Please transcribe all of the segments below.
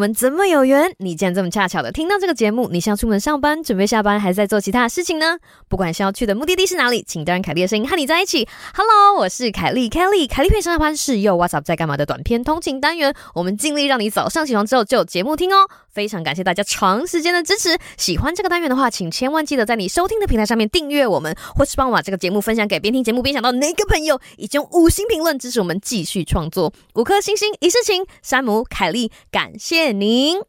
我們怎麼有緣？你竟然這麼恰巧的聽到這個節目？你是要出門上班，準備下班，還是在做其他事情呢？不管是要去的目的地是哪裡，請讓凱莉的聲音和你在一起。Hello，我是凱莉 Kelly。凱莉陪上下班是 Yo! What's Up 在幹嘛的短篇通勤單元，我們盡力讓你早上起床之後就有節目聽哦。非常感謝大家長時間的支持。喜歡這個單元的話，請千萬記得在你收聽的平台上面訂閱我們，或是幫我把這個節目分享給邊聽節目邊想到哪個朋友，以及用五星評論支持我們繼續創作。五顆星星，一世情。山姆，凱莉，感謝。您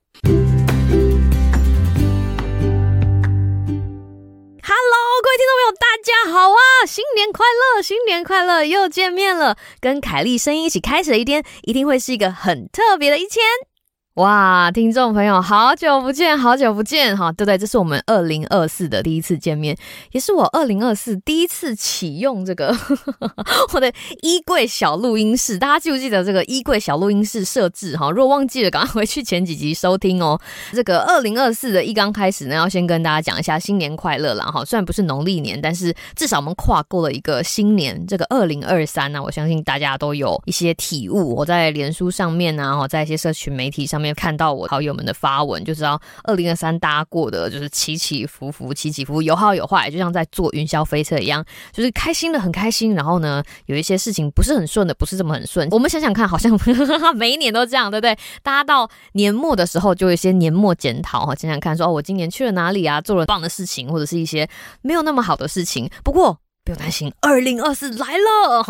，Hello，各位聽眾朋友，大家好啊！新年快樂，新年快樂，又見面了。跟凱莉聲音一起開始的一天，一定會是一個很特別的一天。哇，聽眾朋友，好久不見，好久不見，哈，對不對？這是我們二零二四的第一次見面，也是我二零二四第一次啟用這個呵呵我的衣櫃小錄音室。大家記不記得這個衣櫃小錄音室設置？哈，如果忘記了，趕快回去前幾集收聽哦。這個二零二四的一剛開始呢，要先跟大家講一下新年快樂啦，哈，雖然不是農曆年，但是至少我們跨過了一個新年。這個二零二三呢，我相信大家都有一些體悟。我在臉書上面呢，哈，在一些社群媒體上。沒有看到我好友們的發文，就知道二零二三大家過的就是起起伏伏、起起伏伏，有好有壞，就像在坐雲霄飛車一樣，就是開心的很開心。然後呢，有一些事情不是很順的，不是這麼很順。我們想想看，好像呵呵呵每一年都這樣，對不對？大家到年末的時候就有一些年末檢討哈，想想看說，說哦，我今年去了哪裡啊？做了棒的事情，或者是一些沒有那麼好的事情。不過。不用擔心，二零二四來了，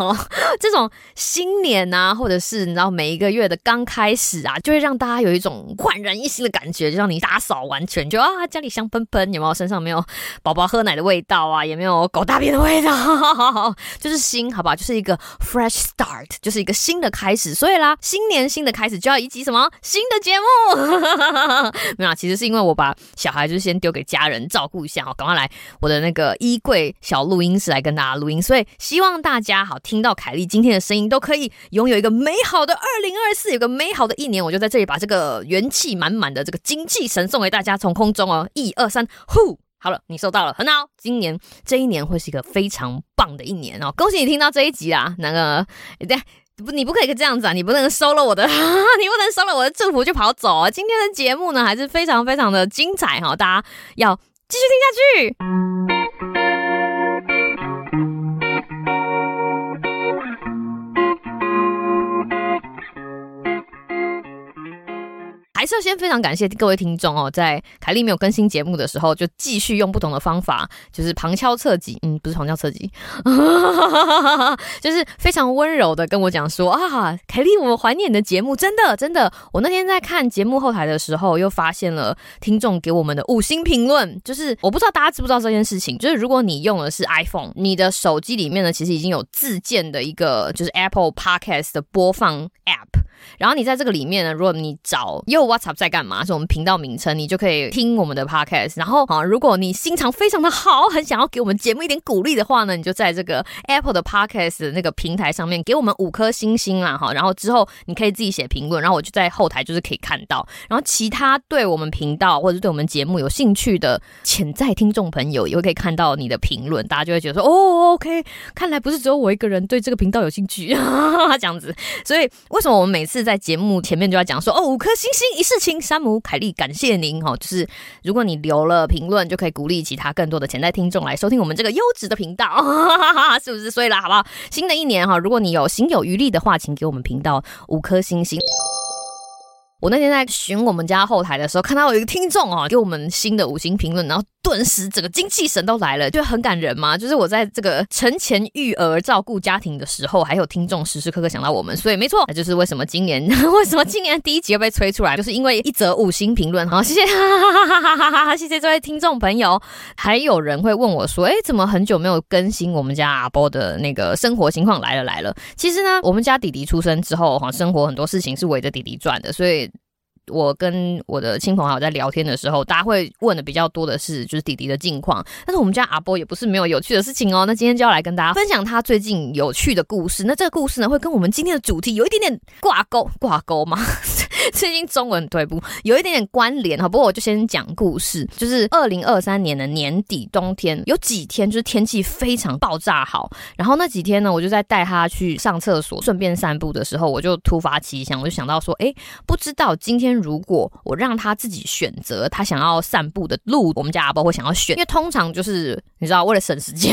這種新年啊，或者是你知道每一個月的剛開始啊，就會讓大家有一種煥然一新的感覺，就像你打掃完全，就啊家裡香噴噴，有沒有身上沒有寶寶喝奶的味道啊，也沒有狗大便的味道，哈哈哈。就是新，好吧，就是一個 fresh start，就是一個新的開始。所以啦，新年新的開始就要一集什麼新的節目？哈哈哈。沒有、啊，其實是因為我把小孩就先丟給家人照顧一下，哈，趕快來我的那個衣櫃小錄音室來。跟大家錄音，所以希望大家好，聽到凱莉今天的聲音，都可以擁有一個美好的二零二四，有個美好的一年。我就在這裡把這個元氣滿滿的這個精氣神送給大家，從空中哦，一二三，呼，好了，你收到了，很好。今年這一年會是一個非常棒的一年哦，恭喜你聽到這一集啊！那個，你不可以這樣子啊，你不能收了我的， 你不能收了我的祝福就跑走啊！今天的節目呢，還是非常非常的精彩哈，大家要繼續聽下去。還是要先非常感謝各位聽眾哦，在凱莉沒有更新節目的時候，就繼續用不同的方法，就是旁敲側擊，嗯，不是旁敲側擊， 就是非常溫柔的跟我講說啊，凱莉，我懷念你的節目，真的，真的。我那天在看節目後台的時候，又發現了聽眾給我們的五星評論，就是我不知道大家知不知道這件事情，就是如果你用的是 iPhone，你的手機裡面呢，其實已經有自建的一個就是 Apple Podcast 的播放 App。然後你在這個裡面呢，如果你找 Yo What's Up 在幹嘛？是我們頻道名稱，你就可以聽我們的 Podcast。然後，啊、哦，如果你心腸非常的好，很想要給我們節目一點鼓勵的話呢，你就在這個 Apple 的 Podcast 的那個平台上面給我們五顆星星啦，哈。然後之後你可以自己寫評論，然後我就在後台就是可以看到。然後，其他對我們頻道或者是對我們節目有興趣的潛在聽眾朋友也會可以看到你的評論，大家就會覺得說，哦，OK，看來不是只有我一個人對這個頻道有興趣，呵呵這樣子。所以，為什麼我們每每次在節目前面就要講說哦，五顆星星一事情，山姆凱莉感謝您哈、哦，就是如果你留了評論，就可以鼓勵其他更多的潛在聽眾來收聽我們這個優質的頻道、哦、哈哈是不是？所以啦，好不好？新的一年哈、哦，如果你有心有餘力的話，請給我們頻道五顆星星。我那天在巡我們家後台的時候，看到有一個聽眾哦，給我們新的五星評論，然後頓時整個精氣神都來了，就很感人嘛。就是我在這個存錢育兒、照顧家庭的時候，還有聽眾時時刻刻想到我們，所以沒錯，那就是為什麼今年為什麼今年第一集又被催出來，就是因為一則五星評論。好，謝謝哈哈哈哈哈哈，謝謝這位聽眾朋友。還有人會問我說，誒，怎麼很久沒有更新我們家阿波的那個生活情況來了來了？其實呢，我們家弟弟出生之後，哈，生活很多事情是圍着弟弟轉的，所以。我跟我的親朋好友在聊天的時候，大家會問的比較多的是，就是弟弟的近況。但是我們家阿波也不是沒有有趣的事情哦。那今天就要來跟大家分享他最近有趣的故事。那這個故事呢，會跟我們今天的主題有一點點掛鉤，掛鉤嗎？ 最近中文退步？有一點點關聯哈。不過我就先講故事，就是二零二三年的年底冬天，有幾天就是天氣非常爆炸好。然後那幾天呢，我就在帶他去上廁所，順便散步的時候，我就突發奇想，我就想到說，哎，不知道今天。如果我讓他自己選擇他想要散步的路，我們家阿波會想要選，因為通常就是你知道，為了省時間，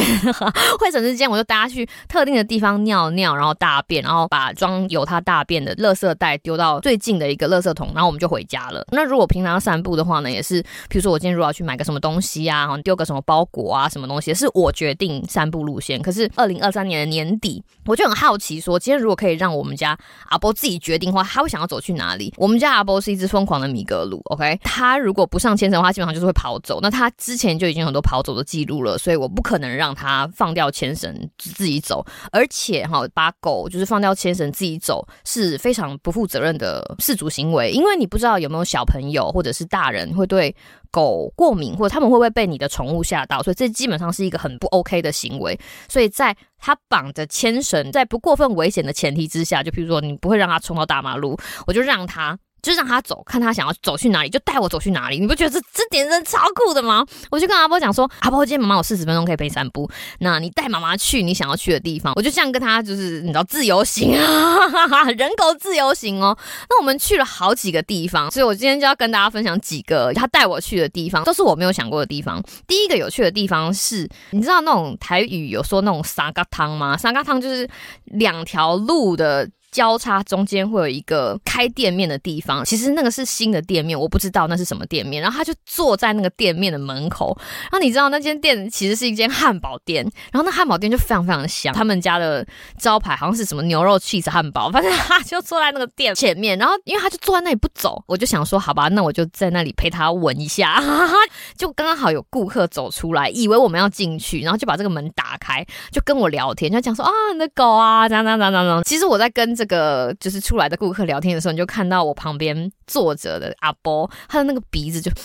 會省時間，我就帶他去特定的地方尿尿，然後大便，然後把裝有他大便的垃圾袋丟到最近的一個垃圾桶，然後我們就回家了。那如果平常散步的話呢，也是，比如說我今天如果要去買個什麼東西啊，丟個什麼包裹啊，什麼東西是我決定散步路線。可是二零二三年的年底，我就很好奇說，說今天如果可以讓我們家阿波自己決定的話，他會想要走去哪裡？我們家阿波是。是一隻瘋狂的米格魯，OK，它如果不上牽繩的話，基本上就是會跑走。那它之前就已經有很多跑走的記錄了，所以我不可能讓它放掉牽繩自己走。而且哈、哦，把狗就是放掉牽繩自己走是非常不負責任的飼主行為，因為你不知道有沒有小朋友或者是大人會對狗過敏，或者他們會不會被你的寵物嚇到，所以這基本上是一個很不 OK 的行為。所以在它綁着牽繩，在不過分危險的前提之下，就譬如說你不會讓它衝到大馬路，我就讓它。就是讓他走，看他想要走去哪裡，就帶我走去哪裡。你不覺得這這點真的超酷的嗎？我就跟阿波講說，阿波，今天媽媽有四十分鐘可以陪散步，那你帶媽媽去你想要去的地方。我就這樣跟他就是，你知道自由行啊，哈哈哈，人狗自由行哦。那我們去了好幾個地方，所以我今天就要跟大家分享幾個他帶我去的地方，都是我沒有想過的地方。第一個有趣的地方是，你知道那種台語有說那種沙嘎湯嗎？沙嘎湯就是兩條路的交叉，中間會有一個開店面的地方，其實那個是新的店面，我不知道那是什麼店面。然後他就坐在那個店面的門口。然、啊、後你知道那間店其實是一間漢堡店，然後那漢堡店就非常非常的香，他們家的招牌好像是什麼牛肉 cheese 漢堡，反正他就坐在那個店前面。然後因為他就坐在那裡不走，我就想說好吧，那我就在那裡陪他聞一下。 就剛剛好有顧客走出來，以為我們要進去，然後就把這個門打開，就跟我聊天，就講說啊你的狗啊，怎樣怎樣怎樣怎樣。其實我在跟這個就是出來的顧客聊天的時候，你就看到我旁邊坐着的阿波，他的那個鼻子就， 就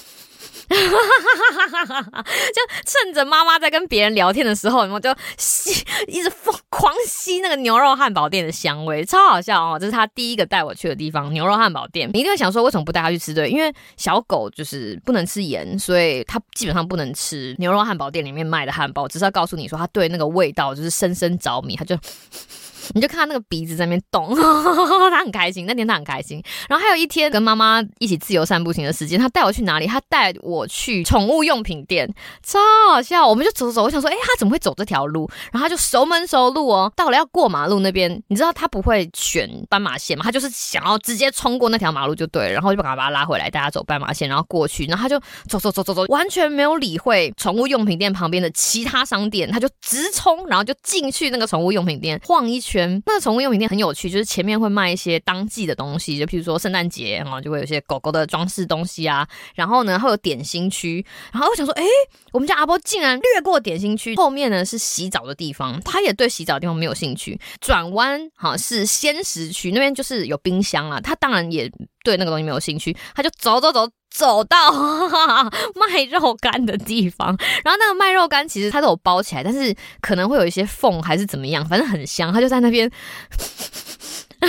趁着媽媽在跟別人聊天的時候，我就吸一直瘋狂吸那個牛肉漢堡店的香味，超好笑哦！這是他第一個帶我去的地方——牛肉漢堡店。你一定會想說，為什麼不帶他去吃？對，因為小狗就是不能吃鹽，所以他基本上不能吃牛肉漢堡店裡面賣的漢堡。只是要告訴你說，他對那個味道就是深深着迷，他就。你就看他那個鼻子在那邊動，他很開心。那天他很開心。然後還有一天跟媽媽一起自由散步型的時間，他帶我去哪裡？他帶我去寵物用品店，超好笑。我們就走走走，我想說，哎、欸，他怎麼會走這條路？然後他就熟門熟路哦。到了要過馬路那邊，你知道他不會選斑馬線嗎？他就是想要直接衝過那條馬路就對了。然後就把他把他拉回來，帶他走斑馬線，然後過去。然後他就走走走走走，完全沒有理會寵物用品店旁邊的其他商店，他就直衝，然後就進去那個寵物用品店晃一圈。那個寵物用品店很有趣，就是前面會賣一些當季的東西，就譬如說聖誕節哈，就會有些狗狗的裝飾東西啊。然後呢，還有點心區。然後我想說，哎，我們家阿波竟然略過點心區，後面呢是洗澡的地方，他也對洗澡的地方沒有興趣。轉彎哈是鮮食區，那邊就是有冰箱啦，他當然也對那個東西沒有興趣，他就走走走。走到賣肉乾的地方，然後那個賣肉乾其實它都有包起來，但是可能會有一些縫還是怎麼樣，反正很香。他就在那邊，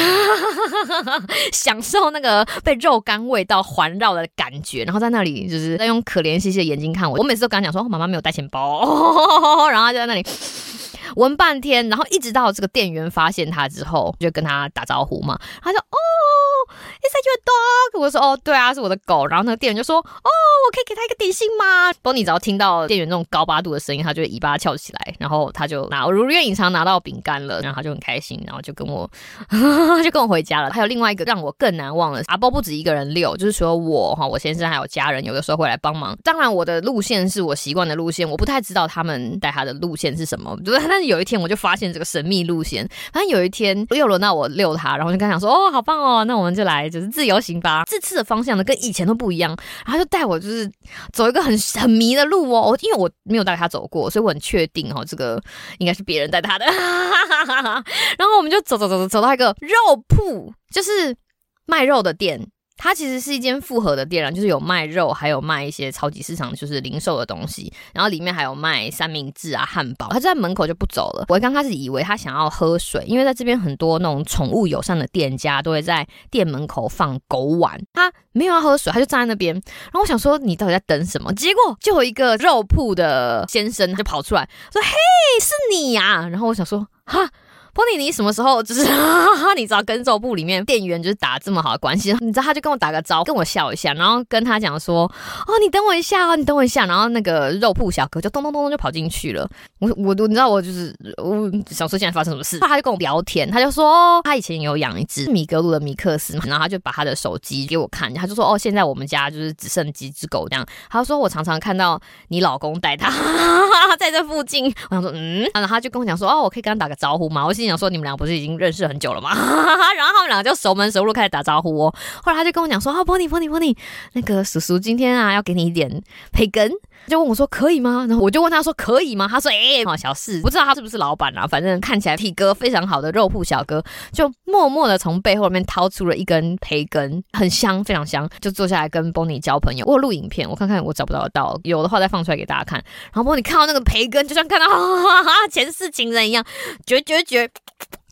享受那個被肉乾味道環繞的感覺，然後在那裡就是在用可憐兮兮的眼睛看我。我每次都跟他講說，媽媽沒有帶錢包哦，然後他就在那裡。 聞半天，然後一直到這個店員發現他之後，就跟他打招呼嘛。他說：“哦，is that your dog？” 我說：“哦，對啊，是我的狗。”然後那個店員就說：“哦，我可以給他一個點心嗎？”Bonnie 只要聽到店員這種高八度的聲音，他就會尾巴翹起來，然後他就拿我如願以償拿到餅乾了，然後他就很開心，然後就跟我 就跟我回家了。還有另外一個讓我更難忘的，阿波不止一個人遛，就是說我哈，我先生還有家人有的時候會來幫忙。當然我的路線是我習慣的路線，我不太知道他們帶他的路線是什麼，我覺得他。那有一天我就發現這個神秘路線，反正有一天又輪到我遛它，然後就跟他講說：“哦，好棒哦，那我們就來就是自由行吧。”這次的方向呢跟以前都不一樣，然後他就帶我就是走一個很很迷的路哦。因為我沒有帶它走過，所以我很確定哦，這個應該是別人帶它的。哈哈哈，然後我們就走走走走走到一個肉鋪，就是賣肉的店。它其實是一間複合的店啦，就是有賣肉，還有賣一些超級市場就是零售的東西，然後裡面還有賣三明治啊、漢堡。它就在門口就不走了。我剛開始以為它想要喝水，因為在這邊很多那種寵物友善的店家都會在店門口放狗碗。它沒有要喝水，它就站在那邊。然後我想說，你到底在等什麼？結果就有一個肉鋪的先生就跑出來說：“嘿，是你呀！”然後我想說，哈。波尼尼什麼時候就是哈哈 你知道，跟肉鋪裡面店員就是打這麼好的關係，你知道，他就跟我打個招呼，跟我笑一下，然後跟他講說：“哦，你等我一下哦，你等我一下。”然後那個肉鋪小哥就咚咚咚咚就跑進去了。我我都你知道我就是我想說現在發生什麼事，然後他就跟我聊天，他就說，哦，他以前有養一隻米格魯的米克斯嘛，然後他就把他的手機給我看，他就說：“哦，現在我們家就是只剩幾隻狗這樣。”他就說：“我常常看到你老公帶他 在這附近。”我想說：“嗯。”然後他就跟我講說：“哦，我可以跟他打個招呼嗎。”我講說你們倆不是已經認識很久了嗎？ 然後他們倆就熟門熟路開始打招呼哦、喔。後來他就跟我講說：“啊，波尼波尼波尼，那個叔叔今天啊要給你一點培根。”就問我說可以嗎？然後我就問他說可以嗎？他說哎、欸哦，小四，不知道他是不是老闆啊？反正看起來體格非常好的肉鋪小哥，就默默的從背後面掏出了一根培根，很香，非常香，就坐下來跟 Bonnie 交朋友。我有錄影片，我看看我找不找得到，有的話再放出來給大家看。然後 Bonnie 看到那個培根，就像看到哈哈哈前世情人一樣，絕絕絕。絕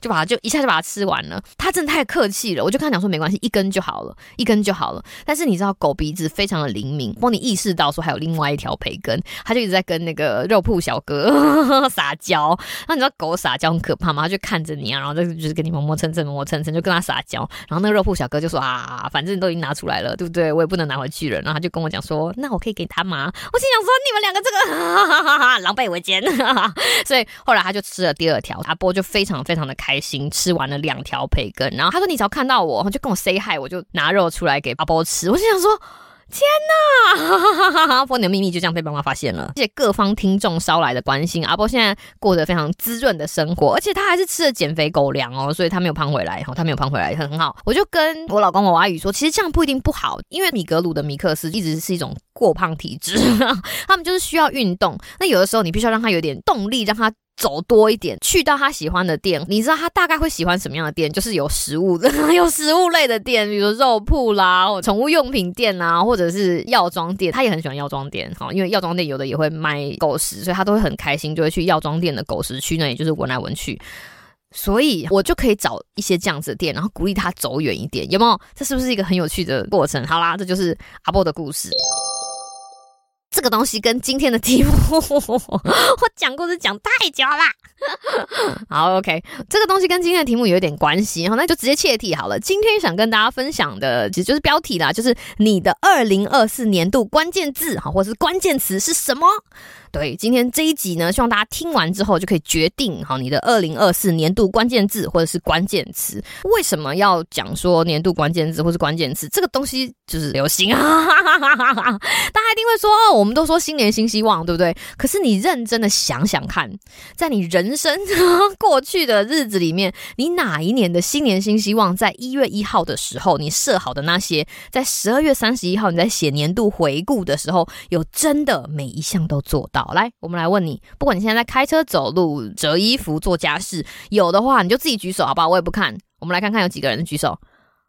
就把它就一下就把它吃完了，他真的太客氣了。我就跟他講說沒關係，一根就好了，一根就好了。但是你知道狗鼻子非常的靈敏，幫你意識到說還有另外一條培根，他就一直在跟那個肉鋪小哥呵呵撒嬌。那你知道狗撒嬌很可怕嗎？他就看着你啊，然後就，就是就跟你磨磨蹭蹭，磨磨蹭蹭，就跟他撒嬌。然後那個肉鋪小哥就說啊，反正你都已經拿出來了，對不對？我也不能拿回去了。然後他就跟我講說，那我可以給他嗎？我心想說你們兩個這個哈哈哈哈狼狽為奸。 所以後來他就吃了第二條，阿波就非常非常的開。還行，吃完了兩條培根，然後他說：“你只要看到我就跟我 say hi，我就拿肉出來給阿波吃。”我心想說：“天哪！”哈哈哈，阿波你的秘密就這樣被爸媽發現了。而且各方聽眾捎來的關心，阿波現在過得非常滋潤的生活，而且他還是吃了減肥狗糧哦，所以他沒有胖回來。然後他沒有胖回來，很好。我就跟我老公、我阿姨說：“其實這樣不一定不好，因為米格魯的米克斯一直是一種。”過胖體質，他們就是需要運動。那有的時候你必須要讓他有點動力，讓他走多一點，去到他喜歡的店。你知道他大概會喜歡什麼樣的店？就是有食物的，有食物類的店，比如說肉鋪啦，或寵物用品店啊，或者是藥妝店。他也很喜歡藥妝店，哈，因為藥妝店有的也會賣狗食，所以他都會很開心，就會去藥妝店的狗食區那裡，就是聞來聞去。所以我就可以找一些這樣子的店，然後鼓勵他走遠一點，有沒有？這是不是一個很有趣的過程？好啦，這就是阿波的故事。這個東西跟今天的題目， 我講故事講太久了 好。好，OK，這個東西跟今天的題目有點關係，哈，那就直接切題好了。今天想跟大家分享的，其實就是標題啦，就是你的二零二四年度關鍵字，好或是關鍵詞是什麼？對，今天這一集呢，希望大家聽完之後就可以決定好你的二零二四年度關鍵字或者是關鍵詞。為什麼要講說年度關鍵字或是關鍵詞？這個東西就是流行啊，哈哈哈哈！大家一定會說，哦，我們都說新年新希望，對不對？可是你認真的想想看，在你人生呵呵過去的日子裡面，你哪一年的新年新希望，在一月一號的時候你設好的那些，在十二月三十一號你在寫年度回顧的時候，有真的每一項都做到？好，來，我們來問你，不管你現在在開車、走路、折衣服、做家事，有的話你就自己舉手，好不好？我也不看，我們來看看有幾個人舉手。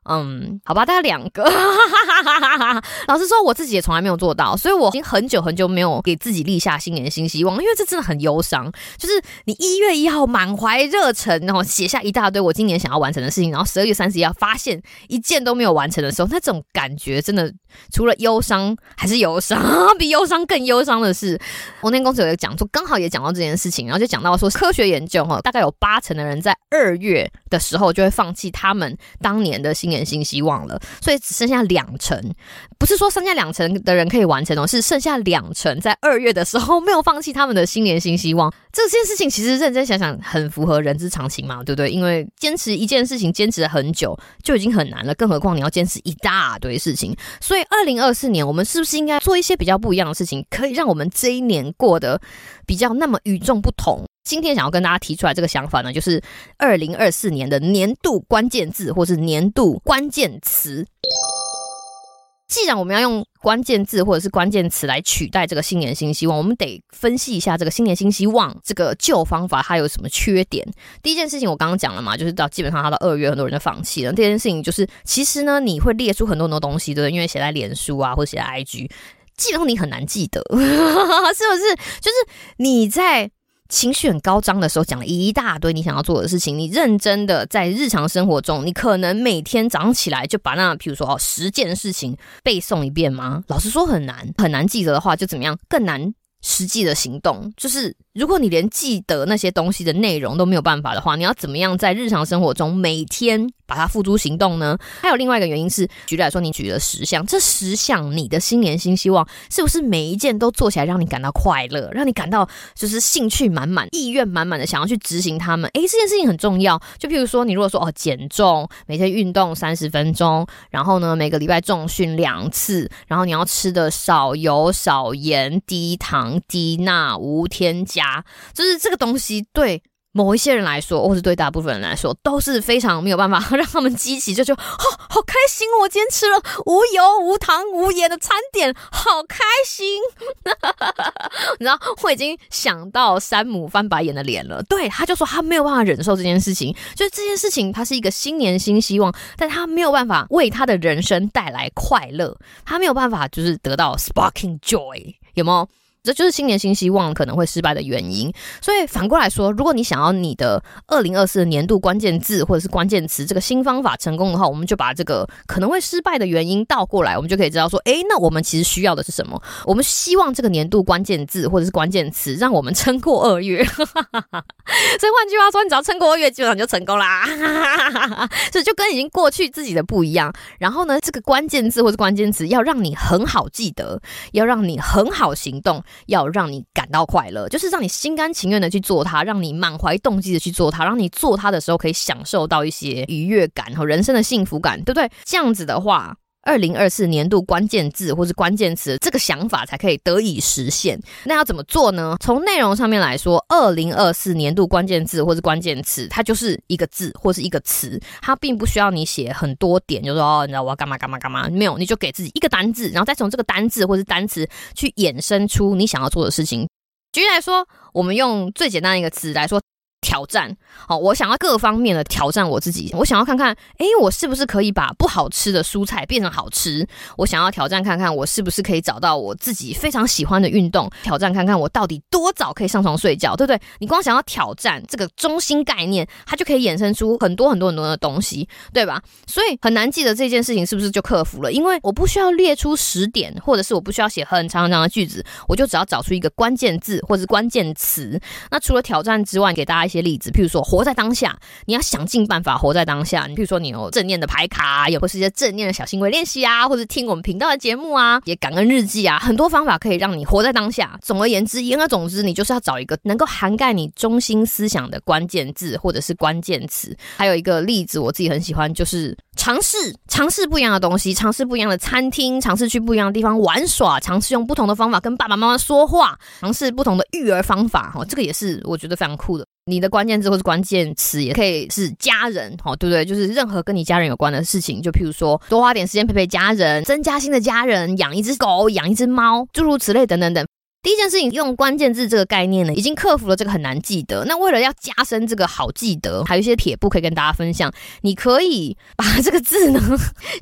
嗯，好吧，大家兩個。 老實說，我自己也從來沒有做到，所以我已經很久很久沒有給自己立下新年新希望，因為這真的很憂傷。就是你一月一號滿懷熱忱，然後寫下一大堆我今年想要完成的事情，然後十二月三十一號發現一件都沒有完成的時候，那種感覺真的除了憂傷還是憂傷。比憂傷更憂傷的是，洪天公子有一個講座，剛好也講到這件事情，然後就講到說科學研究哈，大概有八成的人在二月的時候就會放棄他們當年的新年新年新希望了，所以只剩下兩成，不是說剩下兩成的人可以完成哦，是剩下兩成在二月的時候沒有放棄他們的新年新希望。這件事情其實認真想想，很符合人之常情嘛，對不對？因為堅持一件事情堅持了很久就已經很難了，更何況你要堅持一大堆事情。所以二零二四年，我們是不是應該做一些比較不一樣的事情，可以讓我們這一年過得比較那麼與眾不同？今天想要跟大家提出來這個想法呢，就是二零二四年的年度關鍵字或是年度關鍵詞。既然我們要用關鍵字或者是關鍵詞來取代這個新年新希望，我們得分析一下這個新年新希望這個舊方法它有什麼缺點。第一件事情我剛剛講了嘛，就是到基本上到二月，很多人就放棄了。第二件事情就是，其實呢，你會列出很多很多東西，對不對，因為寫在臉書啊或者寫在 IG，記得你很難記得， 是不是？就是你在。情緒很高漲的時候，講了一大堆你想要做的事情。你認真的在日常生活中，你可能每天早上起來就把那，譬如說哦，十件事情背誦一遍嗎？老實說，很難，很難記得的話，就怎麼樣更難實際的行動，就是。如果你連記得那些東西的內容都沒有辦法的話，你要怎麼樣在日常生活中每天把它付諸行動呢？還有另外一個原因是，舉例來說，你舉了十項，這十項你的新年新希望是不是每一件都做起來讓你感到快樂，讓你感到就是興趣滿滿、意願滿滿的想要去執行它們？誒，這件事情很重要。就比如說，你如果說哦，減重，每天運動三十分鐘，然後呢，每個禮拜重訓兩次，然後你要吃的少油、少鹽、低糖、低鈉、無添加。啊，就是這個東西對某一些人來說，或是對大部分人來說，都是非常沒有辦法讓他們激起，就就好、哦，好開心哦！我今天吃了無油、無糖、無鹽的餐點，好開心。 你知道，我已經想到山姆翻白眼的臉了。對，他就說他沒有辦法忍受這件事情，就是這件事情，他是一個新年新希望，但他沒有辦法為他的人生帶來快樂，他沒有辦法就是得到 sparking joy，有沒有？這就是新年新希望可能會失敗的原因。所以反過來說，如果你想要你的二零二四年度關鍵字或者是關鍵詞這個新方法成功的話，我們就把這個可能會失敗的原因倒過來，我們就可以知道說，誒，那我們其實需要的是什麼？我們希望這個年度關鍵字或者是關鍵詞讓我們撐過二月。 所以換句話說，你只要撐過一月，基本上你就成功啦。這 就跟已經過去自己的不一樣。然後呢，這個關鍵字或是關鍵詞要讓你很好記得，要讓你很好行動，要讓你感到快樂，就是讓你心甘情願的去做它，讓你滿懷動機的去做它，讓你做它的時候可以享受到一些愉悅感和人生的幸福感，對不對？這樣子的話，二零二四年度關鍵字或是關鍵詞，這個想法才可以得以實現。那要怎麼做呢？從內容上面來說，二零二四年度關鍵字或是關鍵詞，它就是一個字或是一個詞，它並不需要你寫很多點，就是說，哦，你知道我要幹嘛幹嘛幹嘛，沒有，你就給自己一個單字，然後再從這個單字或是單詞去衍生出你想要做的事情。舉例來說，我們用最簡單的一個詞來說。挑戰，好，我想要各方面的挑戰我自己。我想要看看，哎、欸，我是不是可以把不好吃的蔬菜變成好吃？我想要挑戰看看，我是不是可以找到我自己非常喜歡的運動？挑戰看看，我到底多早可以上床睡覺，對不對？你光想要挑戰這個中心概念，它就可以衍生出很多很多很多的東西，對吧？所以很難記得這件事情是不是就克服了，因為我不需要列出十點，或者是我不需要寫很長很長的句子，我就只要找出一個關鍵字或者是關鍵詞。那除了挑戰之外，給大家一些。例子，譬如說，活在當下，你要想盡辦法活在當下。你譬如說，你有正念的牌卡，啊，也或是一些正念的小行為練習啊，或者聽我們頻道的節目啊，也寫感恩日記啊，很多方法可以讓你活在當下。總而言之，言而總之，你就是要找一個能夠涵蓋你中心思想的關鍵字或者是關鍵詞。還有一個例子，我自己很喜歡，就是嘗試嘗試不一樣的東西，嘗試不一樣的餐廳，嘗試去不一樣的地方玩耍，嘗試用不同的方法跟爸爸媽媽說話，嘗試不同的育兒方法。哈、哦，這個也是我覺得非常酷的。你的關鍵字或是關鍵詞也可以是家人，哦，對不對？就是任何跟你家人有關的事情，就譬如說多花點時間陪陪家人，增加新的家人，養一隻狗，養一隻貓，諸如此類等等等。第一件事情，用關鍵字這個概念呢，已經克服了這個很難記得。那為了要加深這個好記得，還有一些撇步可以跟大家分享。你可以把這個字呢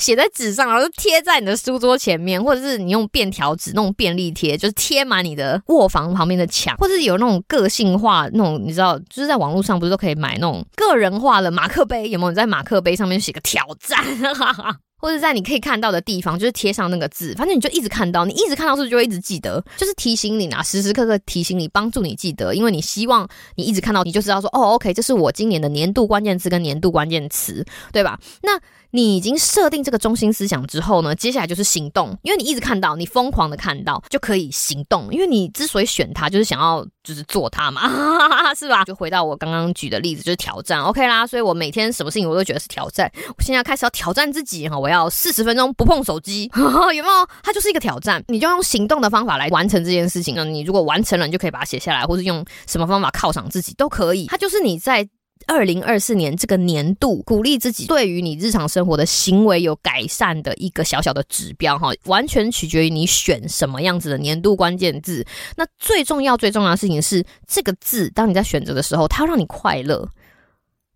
寫在紙上，然後貼在你的書桌前面，或者是你用便條紙、那種便利貼，就是貼滿你的臥房旁邊的牆，或者是有那種個性化那種，你知道，就是在網絡上不是都可以買那種個人化的馬克杯？有沒有？你在馬克杯上面寫個挑戰，哈哈。或者在你可以看到的地方，就是貼上那個字，反正你就一直看到，你一直看到是不是就會一直記得，就是提醒你啊，時時刻刻提醒你，幫助你記得，因為你希望你一直看到，你就知道說，哦，OK，這是我今年的年度關鍵詞跟年度關鍵詞，對吧？那。你已經設定這個中心思想之後呢，接下來就是行動。因為你一直看到，你瘋狂的看到，就可以行動。因為你之所以選它，就是想要就是做它嘛， 是吧？就回到我剛剛舉的例子，就是挑戰，OK 啦。所以我每天什麼事情我都覺得是挑戰。我現在開始要挑戰自己哈，我要四十分鐘不碰手機， 有沒有？它就是一個挑戰，你就用行動的方法來完成這件事情。那你如果完成了，你就可以把它寫下來，或者用什麼方法犒賞自己都可以。它就是你在。二零二四年這個年度鼓勵自己，對於你日常生活的行為有改善的一個小小的指標哈，完全取決於你選什麼樣子的年度關鍵字。那最重要最重要的事情是，這個字當你在選擇的時候，它要讓你快樂。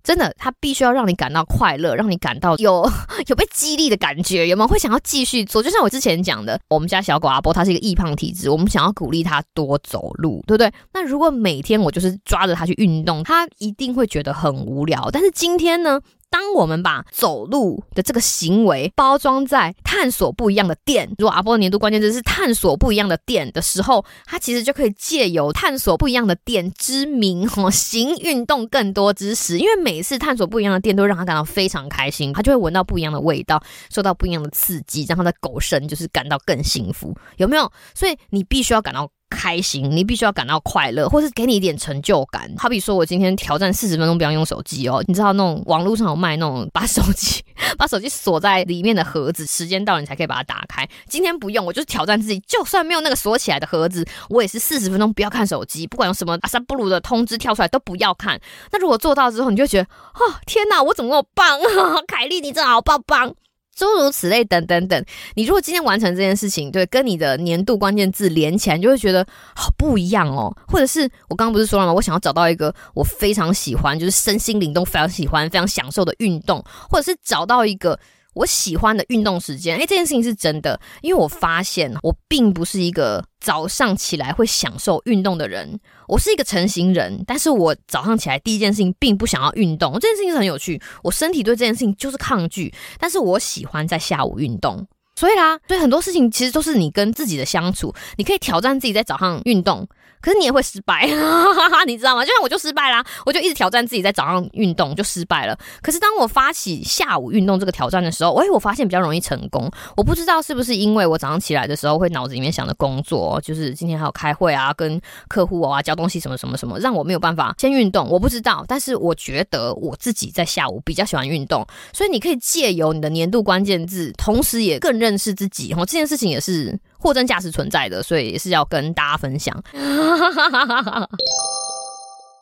真的，他必須要讓你感到快樂，讓你感到有有被激勵的感覺，有沒有？會想要繼續做？就像我之前講的，我們家小狗阿波，它是一個易胖體質，我們想要鼓勵它多走路，對不對？那如果每天我就是抓着它去運動，它一定會覺得很無聊。但是今天呢？當我們把走路的這個行為包裝在探索不一樣的店，如果阿波年度關鍵詞是探索不一樣的店的時候，他其實就可以借由探索不一樣的店之名，行運動更多之實。因為每次探索不一樣的店，都讓他感到非常開心，他就會聞到不一樣的味道，受到不一樣的刺激，讓他的狗生就是感到更幸福，有沒有？所以你必須要感到。開心，你必須要感到快樂，或是給你一點成就感。好比說，我今天挑戰四十分鐘不要用手機哦。你知道那種網絡上有賣那種把手機把手機鎖在裡面的盒子，時間到了你才可以把它打開。今天不用，我就是挑戰自己，就算沒有那個鎖起來的盒子，我也是四十分鐘不要看手機，不管有什麼阿薩布魯的通知跳出來都不要看。那如果做到之後，你就會覺得啊、哦，天吶，我怎麼那麼棒啊，凱莉，你真的好棒棒。諸如此類，等等等。你如果今天完成這件事情，對，跟你的年度關鍵字連起來，你就會覺得好不一樣哦。或者是我剛剛不是說了嗎？我想要找到一個我非常喜歡，就是身心靈動，非常喜歡，非常享受的運動，或者是找到一個。我喜歡的運動時間，哎、欸，這件事情是真的，因為我發現我並不是一個早上起來會享受運動的人，我是一個晨型人，但是我早上起來第一件事情並不想要運動，這件事情是很有趣，我身體對這件事情就是抗拒，但是我喜歡在下午運動，所以啦，所以很多事情其實都是你跟自己的相處，你可以挑戰自己在早上運動。可是你也會失敗， 你知道嗎？就像我就失敗啦，我就一直挑戰自己在早上運動就失敗了。可是當我發起下午運動這個挑戰的時候，誒、欸，我發現比較容易成功。我不知道是不是因為我早上起來的時候會腦子裡面想着工作，就是今天還有開會啊，跟客戶啊交東西什麼什麼什麼，讓我沒有辦法先運動。我不知道，但是我覺得我自己在下午比較喜歡運動，所以你可以借由你的年度關鍵字，同時也更認識自己。這件事情也是。貨真價實存在的，所以是要跟大家分享。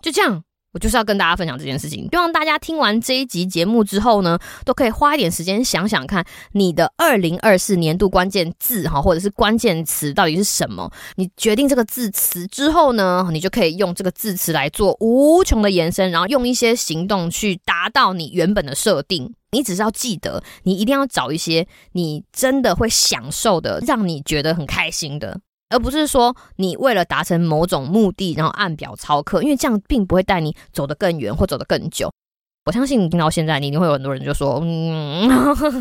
就這樣。我就是要跟大家分享這件事情，希望大家聽完這一集節目之後呢，都可以花一點時間想想看，你的2024年度關鍵字哈，或者是關鍵詞到底是什麼？你決定這個字詞之後呢，你就可以用這個字詞來做無窮的延伸，然後用一些行動去達到你原本的設定。你只是要記得，你一定要找一些你真的會享受的，讓你覺得很開心的。而不是說你為了達成某種目的，然後按表操課，因為這樣並不會帶你走得更遠或走得更久。我相信你聽到現在，你一定會有很多人就說，嗯，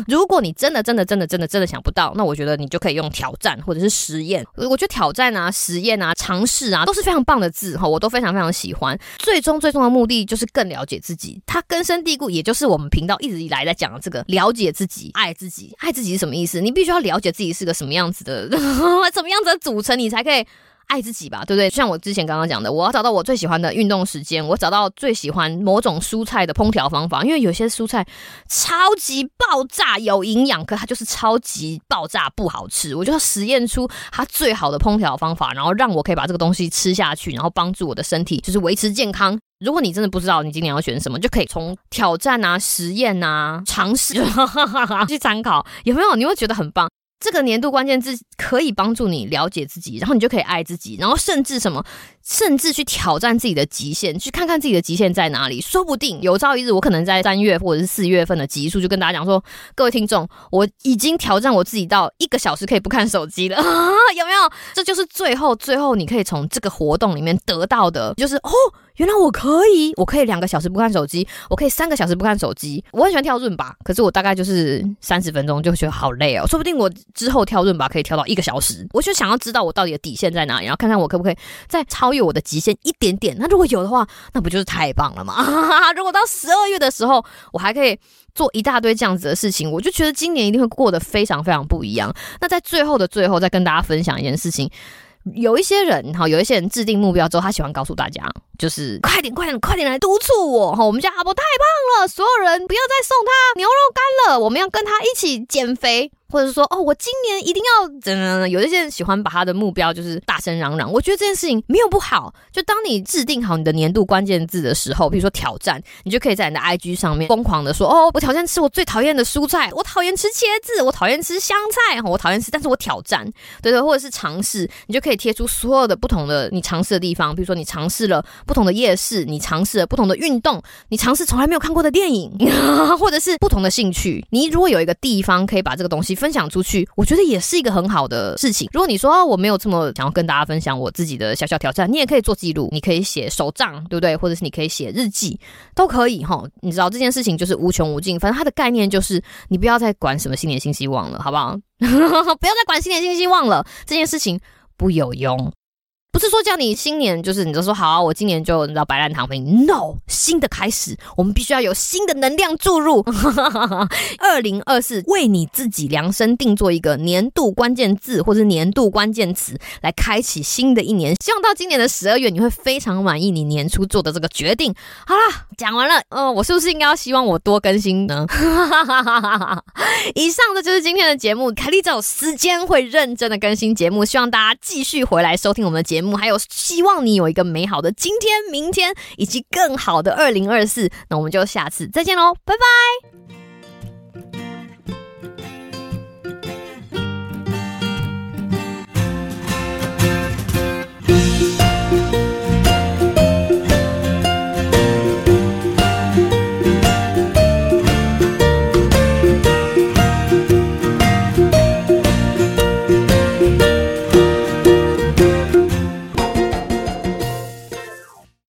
如果你真的、真的、真的、真的、真的想不到，那我覺得你就可以用挑戰或者是實驗。我覺得挑戰啊、實驗啊、嘗試啊，都是非常棒的字哈，我都非常非常喜歡。最終最終的目的就是更了解自己，它根深蒂固，也就是我們頻道一直以來在講的這個了解自己、愛自己、愛自己是什麼意思？你必須要了解自己是個什麼樣子的，什麼樣子的組成，你才可以。愛自己吧，對不對？就像我之前剛剛講的，我要找到我最喜歡的運動時間，我找到最喜歡某種蔬菜的烹調方法。因為有些蔬菜超級爆炸有營養，可它就是超級爆炸不好吃。我就要實驗出它最好的烹調方法，然後讓我可以把這個東西吃下去，然後幫助我的身體就是維持健康。如果你真的不知道你今年要選什麼，就可以從挑戰啊、實驗啊、嘗試 去參考。有沒有？你會覺得很棒？這個年度關鍵字可以幫助你了解自己，然後你就可以愛自己，然後甚至什麼。甚至去挑戰自己的極限，去看看自己的極限在哪裡。說不定有朝一日，我可能在三月或者是四月份的集數就跟大家講說，各位聽眾，我已經挑戰我自己到一個小時可以不看手機了，啊，有沒有？這就是最後最後，你可以從這個活動裡面得到的，就是哦，原來我可以，我可以兩個小時不看手機，我可以三個小時不看手機。我很喜歡跳倫巴，可是我大概就是三十分鐘就覺得好累哦。說不定我之後跳倫巴可以跳到一個小時，我就想要知道我到底的底線在哪裡，然後看看我可不可以再超。有我的極限一點點，那如果有的話，那不就是太棒了嗎？ 如果到十二月的時候，我還可以做一大堆這樣子的事情，我就覺得今年一定會過得非常非常不一樣。那在最後的最後，再跟大家分享一件事情，有一些人哈，有一些人制定目標之後，他喜歡告訴大家。就是快點，快點，快點來督促我齁、哦！我們家阿伯太胖了，所有人不要再送他牛肉乾了。我們要跟他一起減肥，或者是說哦，我今年一定要……嗯、呃，有一些人喜歡把他的目標就是大聲嚷嚷。我覺得這件事情沒有不好。就當你制定好你的年度關鍵字的時候，比如說挑戰，你就可以在你的 IG 上面瘋狂的說哦，我挑戰吃我最討厭的蔬菜，我討厭吃茄子，我討厭吃香菜、哦、我討厭吃，但是我挑戰，對對，或者是嘗試，你就可以貼出所有的不同的你嘗試的地方，比如說你嘗試了。不同的夜市，你嘗試了不同的運動，你嘗試從來沒有看過的電影，或者是不同的興趣。你如果有一個地方可以把這個東西分享出去，我覺得也是一個很好的事情。如果你說啊，我沒有這麼想要跟大家分享我自己的小小挑戰，你也可以做記錄，你可以寫手賬，對不對？或者是你可以寫日記，都可以哈。你知道這件事情就是無窮無盡，反正它的概念就是你不要再管什麼新年新希望了，好不好？ 不要再管新年新希望了，這件事情不有用。不是說叫你新年就是你就說好，啊，我今年就你知道擺爛躺平。No，新的開始，我們必須要有新的能量注入。二零二四，為你自己量身定做一個年度關鍵字或是年度關鍵詞，來開啟新的一年。希望到今年的十二月，你會非常滿意你年初做的這個決定。好了，講完了。嗯、呃，我是不是應該要希望我多更新呢？ 以上的就是今天的節目，凱莉只有時間會認真的更新節目，希望大家繼續回來收聽我們的節目。還有，希望你有一個美好的今天、明天，以及更好的二零二四。那我們就下次再見嘍，拜拜。